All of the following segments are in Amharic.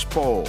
sport.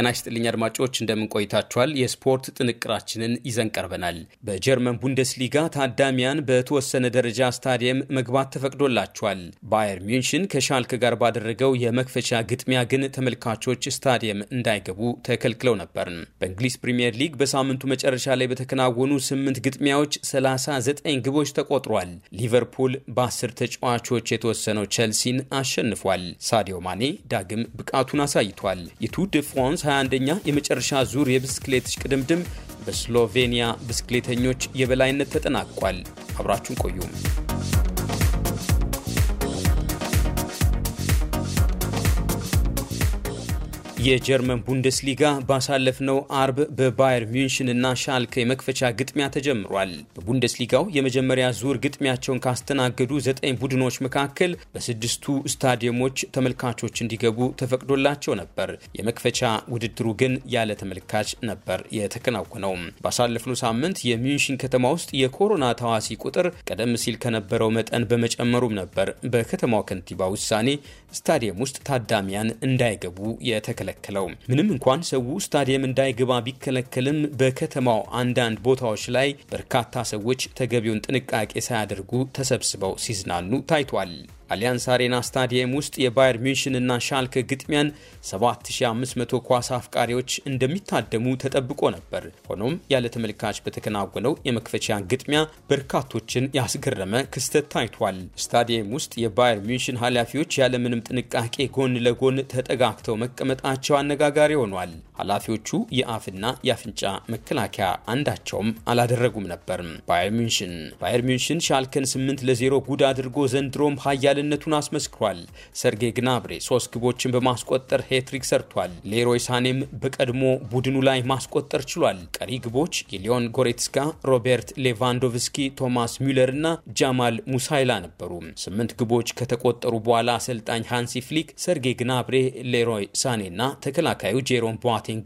ጤና ይስጥልኝ አድማጮች፣ እንደምን ቆይታችኋል? የስፖርት ጥንቅራችንን ይዘን ቀርበናል። በጀርመን ቡንደስሊጋ ታዳሚያን በተወሰነ ደረጃ ስታዲየም መግባት ተፈቅዶላቸዋል። ባየር ሚንሽን ከሻልክ ጋር ባደረገው የመክፈቻ ግጥሚያ ግን ተመልካቾች ስታዲየም እንዳይገቡ ተከልክለው ነበር። በእንግሊዝ ፕሪምየር ሊግ በሳምንቱ መጨረሻ ላይ በተከናወኑ ስምንት ግጥሚያዎች 39 ግቦች ተቆጥሯል። ሊቨርፑል በ10 ተጫዋቾች የተወሰነው ቸልሲን አሸንፏል። ሳዲዮ ማኔ ዳግም ብቃቱን አሳይቷል። የቱ ደ ፍራንስ 21ኛ የመጨረሻ ዙር የብስክሌት ሽቅድምድም በስሎቬኒያ ብስክሌተኞች የበላይነት ተጠናቋል። አብራችሁን ቆዩም የጀርመን ቡንደስሊጋ ባሳለፍነው አርብ በባየር ሚንሽን እና ሻልከ የመክፈቻ ግጥሚያ ተጀምሯል። በቡንደስሊጋው የመጀመሪያ ዙር ግጥሚያቸውን ካስተናገዱ ዘጠኝ ቡድኖች መካከል በስድስቱ ስታዲየሞች ተመልካቾች እንዲገቡ ተፈቅዶላቸው ነበር። የመክፈቻ ውድድሩ ግን ያለ ተመልካች ነበር የተከናወነው። ባሳለፍነው ሳምንት የሚንሽን ከተማ ውስጥ የኮሮና ታዋሲ ቁጥር ቀደም ሲል ከነበረው መጠን በመጨመሩም ነበር በከተማው ከንቲባ ውሳኔ ስታዲየም ውስጥ ታዳሚያን እንዳይገቡ የተከለከለ የተከለከለው። ምንም እንኳን ሰው ስታዲየም እንዳይገባ ቢከለከልም በከተማው አንዳንድ ቦታዎች ላይ በርካታ ሰዎች ተገቢውን ጥንቃቄ ሳያደርጉ ተሰብስበው ሲዝናኑ ታይቷል። አሊያንስ አሬና ስታዲየም ውስጥ የባየር እና ሻልክ ግጥሚያን 7500 ኳስ አፍቃሪዎች እንደሚታደሙ ተጠብቆ ነበር። ሆኖም ያለ ተመልካች በተከናወነው የመክፈቻ ግጥሚያ በርካቶችን ያስገረመ ክስተት ታይቷል። ስታዲየም ውስጥ የባየር ሚንሽን ኃላፊዎች ያለምንም ጥንቃቄ ጎን ለጎን ተጠጋግተው መቀመጣቸው አነጋጋሪ ሆኗል። ኃላፊዎቹ የአፍና የአፍንጫ መከላከያ አንዳቸውም አላደረጉም ነበር። ባየር ሚንሽን ባየር ሚንሽን ሻልከን 8 ለ0 ጉድ አድርጎ ዘንድሮም ሀያል ተከላካይነቱን አስመስክሯል። ሰርጌ ግናብሬ ሶስት ግቦችን በማስቆጠር ሄትሪክ ሰርቷል። ሌሮይ ሳኔም በቀድሞ ቡድኑ ላይ ማስቆጠር ችሏል። ቀሪ ግቦች የሊዮን ጎሬትስካ፣ ሮቤርት ሌቫንዶቭስኪ፣ ቶማስ ሚለር እና ጃማል ሙሳይላ ነበሩ። ስምንት ግቦች ከተቆጠሩ በኋላ አሰልጣኝ ሃንሲ ፍሊክ ሰርጌ ግናብሬ፣ ሌሮይ ሳኔና ተከላካዩ ጄሮም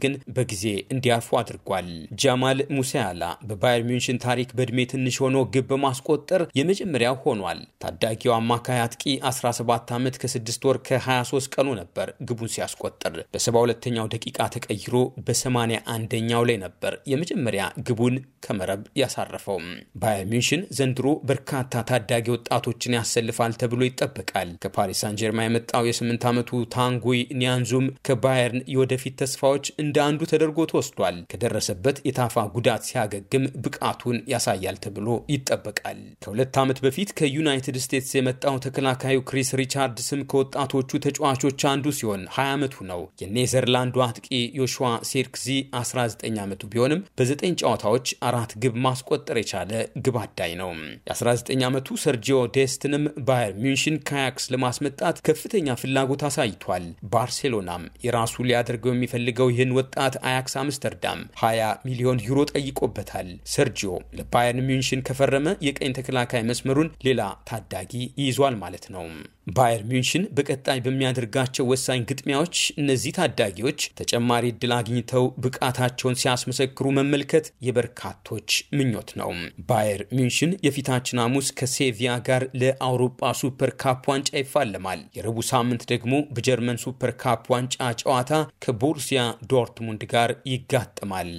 ግን በጊዜ እንዲያርፉ አድርጓል። ጃማል ሙሳያላ በባየር ሚንሽን ታሪክ በእድሜ ትንሽ ሆኖ ግብ በማስቆጠር የመጀመሪያው ሆኗል። ታዳጊው አማካይ አጥቂ አጥቂ 17 ዓመት ከ6 ወር ከ23 ቀኑ ነበር ግቡን ሲያስቆጥር። በ72ኛው ደቂቃ ተቀይሮ በ81ኛው ላይ ነበር የመጀመሪያ ግቡን ከመረብ ያሳረፈው። ባየር ሚንሽን ዘንድሮ በርካታ ታዳጊ ወጣቶችን ያሰልፋል ተብሎ ይጠበቃል። ከፓሪስ ሳን ጀርማ የመጣው የ8 ዓመቱ ታንጉይ ኒያንዙም ከባየርን የወደፊት ተስፋዎች እንደ አንዱ ተደርጎ ተወስዷል። ከደረሰበት የታፋ ጉዳት ሲያገግም ብቃቱን ያሳያል ተብሎ ይጠበቃል። ከሁለት ዓመት በፊት ከዩናይትድ ስቴትስ የመጣው ተከላ ተከላካዩ ክሪስ ሪቻርድስም ከወጣቶቹ ተጫዋቾች አንዱ ሲሆን 20 ዓመቱ ነው። የኔዘርላንዱ አጥቂ ዮሹዋ ሴርክዚ 19 ዓመቱ ቢሆንም በ9 ጨዋታዎች አራት ግብ ማስቆጠር የቻለ ግብ አዳኝ ነው። የ19 ዓመቱ ሰርጂዮ ዴስትንም ባየር ሚንሽን ካያክስ ለማስመጣት ከፍተኛ ፍላጎት አሳይቷል። ባርሴሎናም የራሱ ሊያደርገው የሚፈልገው ይህን ወጣት አያክስ አምስተርዳም 20 ሚሊዮን ዩሮ ጠይቆበታል። ሰርጂዮ ለባየር ሚንሽን ከፈረመ የቀኝ ተከላካይ መስመሩን ሌላ ታዳጊ ይይዟል ማለት ថ្នម។ ባየር ሚንሽን በቀጣይ በሚያደርጋቸው ወሳኝ ግጥሚያዎች እነዚህ ታዳጊዎች ተጨማሪ እድል አግኝተው ብቃታቸውን ሲያስመሰክሩ መመልከት የበርካቶች ምኞት ነው። ባየር ሚንሽን የፊታችን ሐሙስ ከሴቪያ ጋር ለአውሮፓ ሱፐር ካፕ ዋንጫ ይፋለማል። የረቡዕ ሳምንት ደግሞ በጀርመን ሱፐር ካፕ ዋንጫ ጨዋታ ከቦሩሲያ ዶርትሙንድ ጋር ይጋጥማል።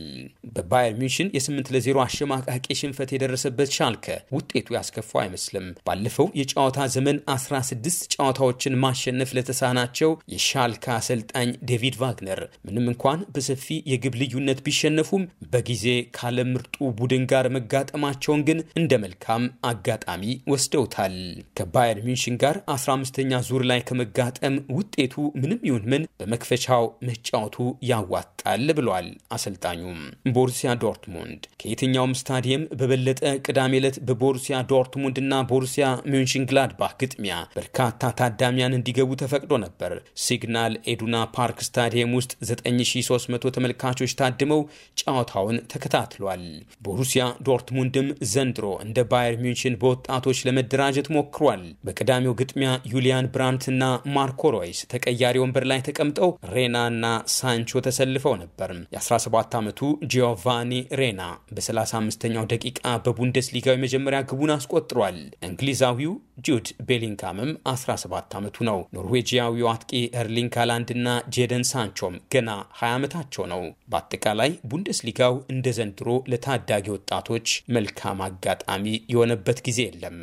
በባየር ሚንሽን የ8 ለ0 አሸማቃቂ ሽንፈት የደረሰበት ሻልከ ውጤቱ ያስከፋው አይመስልም። ባለፈው የጨዋታ ዘመን 16 ስድስት ጨዋታዎችን ማሸነፍ ለተሳናቸው የሻልካ አሰልጣኝ ዴቪድ ቫግነር ምንም እንኳን በሰፊ የግብ ልዩነት ቢሸነፉም በጊዜ ካለ ምርጡ ቡድን ጋር መጋጠማቸውን ግን እንደ መልካም አጋጣሚ ወስደውታል። ከባየር ሚንሽን ጋር 15ኛ ዙር ላይ ከመጋጠም ውጤቱ ምንም ይሁን ምን በመክፈቻው መጫወቱ ያዋጣል ብሏል አሰልጣኙም። ቦሩሲያ ዶርትሙንድ ከየትኛውም ስታዲየም በበለጠ ቅዳሜ ዕለት በቦሩሲያ ዶርትሙንድ እና ቦሩሲያ ሚንሽን ግላድባህ ግጥሚያ በርካ በርካታ ታዳሚያን እንዲገቡ ተፈቅዶ ነበር። ሲግናል ኤዱና ፓርክ ስታዲየም ውስጥ 9300 ተመልካቾች ታድመው ጨዋታውን ተከታትሏል። ቦሩሲያ ዶርትሙንድም ዘንድሮ እንደ ባየር ሚንሽን በወጣቶች ለመደራጀት ሞክሯል። በቀዳሚው ግጥሚያ ዩሊያን ብራንት እና ማርኮ ሮይስ ተቀያሪ ወንበር ላይ ተቀምጠው ሬና እና ሳንቾ ተሰልፈው ነበር። የ17 ዓመቱ ጂዮቫኒ ሬና በ35ኛው ደቂቃ በቡንደስሊጋው የመጀመሪያ ግቡን አስቆጥሯል። እንግሊዛዊው ጁድ ቤሊንካምም 17 ዓመቱ ነው። ኖርዌጂያዊው አጥቂ ኤርሊንግ ሃላንድና ጄደን ሳንቾም ገና 20 ዓመታቸው ነው። በአጠቃላይ ቡንደስሊጋው እንደ ዘንድሮ ለታዳጊ ወጣቶች መልካም አጋጣሚ የሆነበት ጊዜ የለም።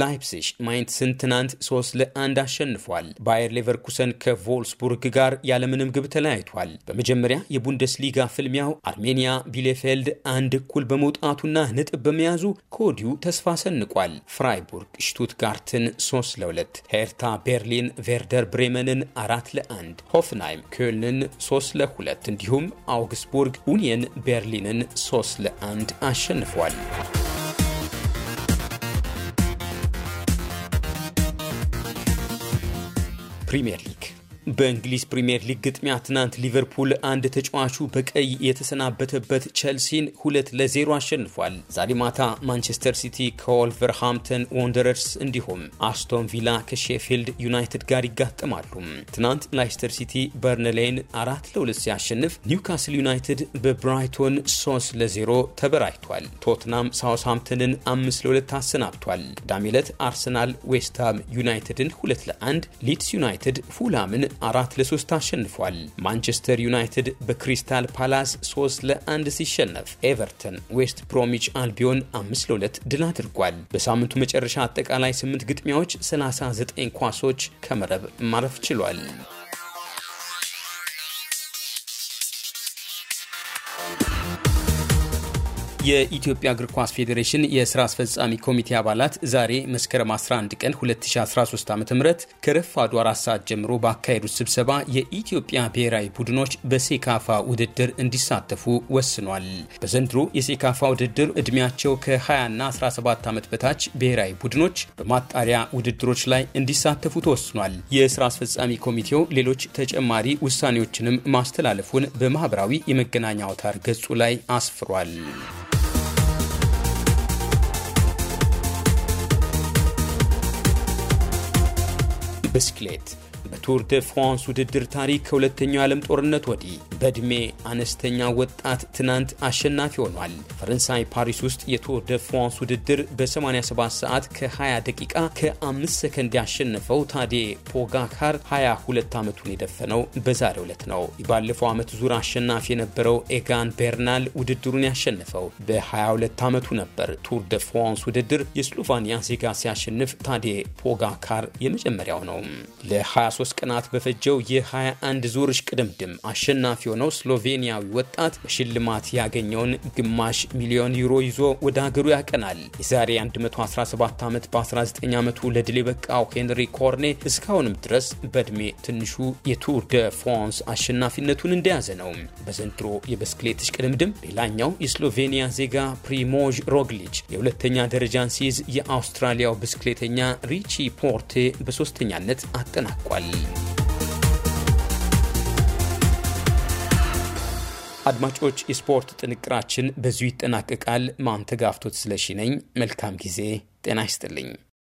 ላይፕሲሽ ማይንትስን ትናንት ሶስት ለአንድ አሸንፏል። ባየር ሌቨርኩሰን ከቮልስቡርግ ጋር ያለምንም ግብ ተለያይቷል። በመጀመሪያ የቡንደስሊጋ ፍልሚያው አርሜኒያ ቢሌፌልድ አንድ እኩል በመውጣቱና ነጥብ በመያዙ ከወዲሁ ተስፋ ሰንቋል። ፍራይቡርግ ሽቱትጋርትን ሶስት ለሁለት፣ ሄርታ ቤርሊን ቬርደር ብሬመንን አራት ለአንድ፣ ሆፍንሃይም ኮልንን ሶስት ለሁለት እንዲሁም አውግስቡርግ ኡኒየን ቤርሊንን ሶስት ለአንድ አሸንፏል። Premier League. በእንግሊዝ ፕሪምየር ሊግ ግጥሚያ ትናንት ሊቨርፑል አንድ ተጫዋቹ በቀይ የተሰናበተበት ቸልሲን ሁለት ለዜሮ አሸንፏል። ዛሬ ማታ ማንቸስተር ሲቲ ከወልቨርሃምፕተን ወንደረርስ እንዲሁም አስቶን ቪላ ከሼፊልድ ዩናይትድ ጋር ይጋጠማሉ። ትናንት ላይስተር ሲቲ በርንሌይን አራት ለሁለት ሲያሸንፍ፣ ኒውካስል ዩናይትድ በብራይቶን ሶስት ለዜሮ ተበራይቷል። ቶትናም ሳውስሃምፕተንን አምስት ለሁለት አሰናብቷል። ቅዳሜ ዕለት አርሰናል ዌስትሃም ዩናይትድን ሁለት ለአንድ ሊድስ ዩናይትድ ፉላምን አራት ለሶስት አሸንፏል። ማንቸስተር ዩናይትድ በክሪስታል ፓላስ 3 ለአንድ ሲሸነፍ፣ ኤቨርተን ዌስት ፕሮሚች አልቢዮን 5 ለ2 ድል አድርጓል። በሳምንቱ መጨረሻ አጠቃላይ 8 ግጥሚያዎች 39 ኳሶች ከመረብ ማረፍ ችሏል። የኢትዮጵያ እግር ኳስ ፌዴሬሽን የስራ አስፈጻሚ ኮሚቴ አባላት ዛሬ መስከረም 11 ቀን 2013 ዓ ም ከረፋዱ አራት ሰዓት ጀምሮ ባካሄዱት ስብሰባ የኢትዮጵያ ብሔራዊ ቡድኖች በሴካፋ ውድድር እንዲሳተፉ ወስኗል። በዘንድሮ የሴካፋ ውድድር ዕድሜያቸው ከ20ና 17 ዓመት በታች ብሔራዊ ቡድኖች በማጣሪያ ውድድሮች ላይ እንዲሳተፉ ተወስኗል። የስራ አስፈጻሚ ኮሚቴው ሌሎች ተጨማሪ ውሳኔዎችንም ማስተላለፉን በማኅበራዊ የመገናኛ አውታር ገጹ ላይ አስፍሯል። ብስክሌት በቱር ደ ፍራንስ ውድድር ታሪክ ከሁለተኛው ዓለም ጦርነት ወዲህ በእድሜ አነስተኛ ወጣት ትናንት አሸናፊ ሆኗል። ፈረንሳይ ፓሪስ ውስጥ የቶር ደ ፍራንስ ውድድር በ87 ሰዓት ከ20 ደቂቃ ከ5 ሰከንድ ያሸነፈው ታዴ ፖጋካር 22 ዓመቱን የደፈነው በዛሬው ዕለት ነው። ባለፈው ዓመት ዙር አሸናፊ የነበረው ኤጋን ቤርናል ውድድሩን ያሸነፈው በ22 ዓመቱ ነበር። ቱር ደ ፍራንስ ውድድር የስሎቫኒያ ዜጋ ሲያሸንፍ ታዴ ፖጋካር የመጀመሪያው ነው። ለ23 ቀናት በፈጀው የ21 ዙር ቅድምድም አሸናፊ የሆነው ስሎቬኒያዊ ወጣት በሽልማት ያገኘውን ግማሽ ሚሊዮን ዩሮ ይዞ ወደ ሀገሩ ያቀናል። የዛሬ 117 ዓመት በ19 ዓመቱ ለድል የበቃው ሄንሪ ኮርኔ እስካሁንም ድረስ በዕድሜ ትንሹ የቱር ደ ፍራንስ አሸናፊነቱን እንደያዘ ነው። በዘንድሮ የብስክሌት እሽቅድምድም ሌላኛው የስሎቬኒያ ዜጋ ፕሪሞዥ ሮግሊች የሁለተኛ ደረጃን ሲይዝ የአውስትራሊያው ብስክሌተኛ ሪቺ ፖርቴ በሶስተኛነት አጠናቋል። አድማጮች፣ የስፖርት ጥንቅራችን በዚሁ ይጠናቀቃል። ማንተጋፍቶት ስለሺ ነኝ። መልካም ጊዜ። ጤና ይስጥልኝ።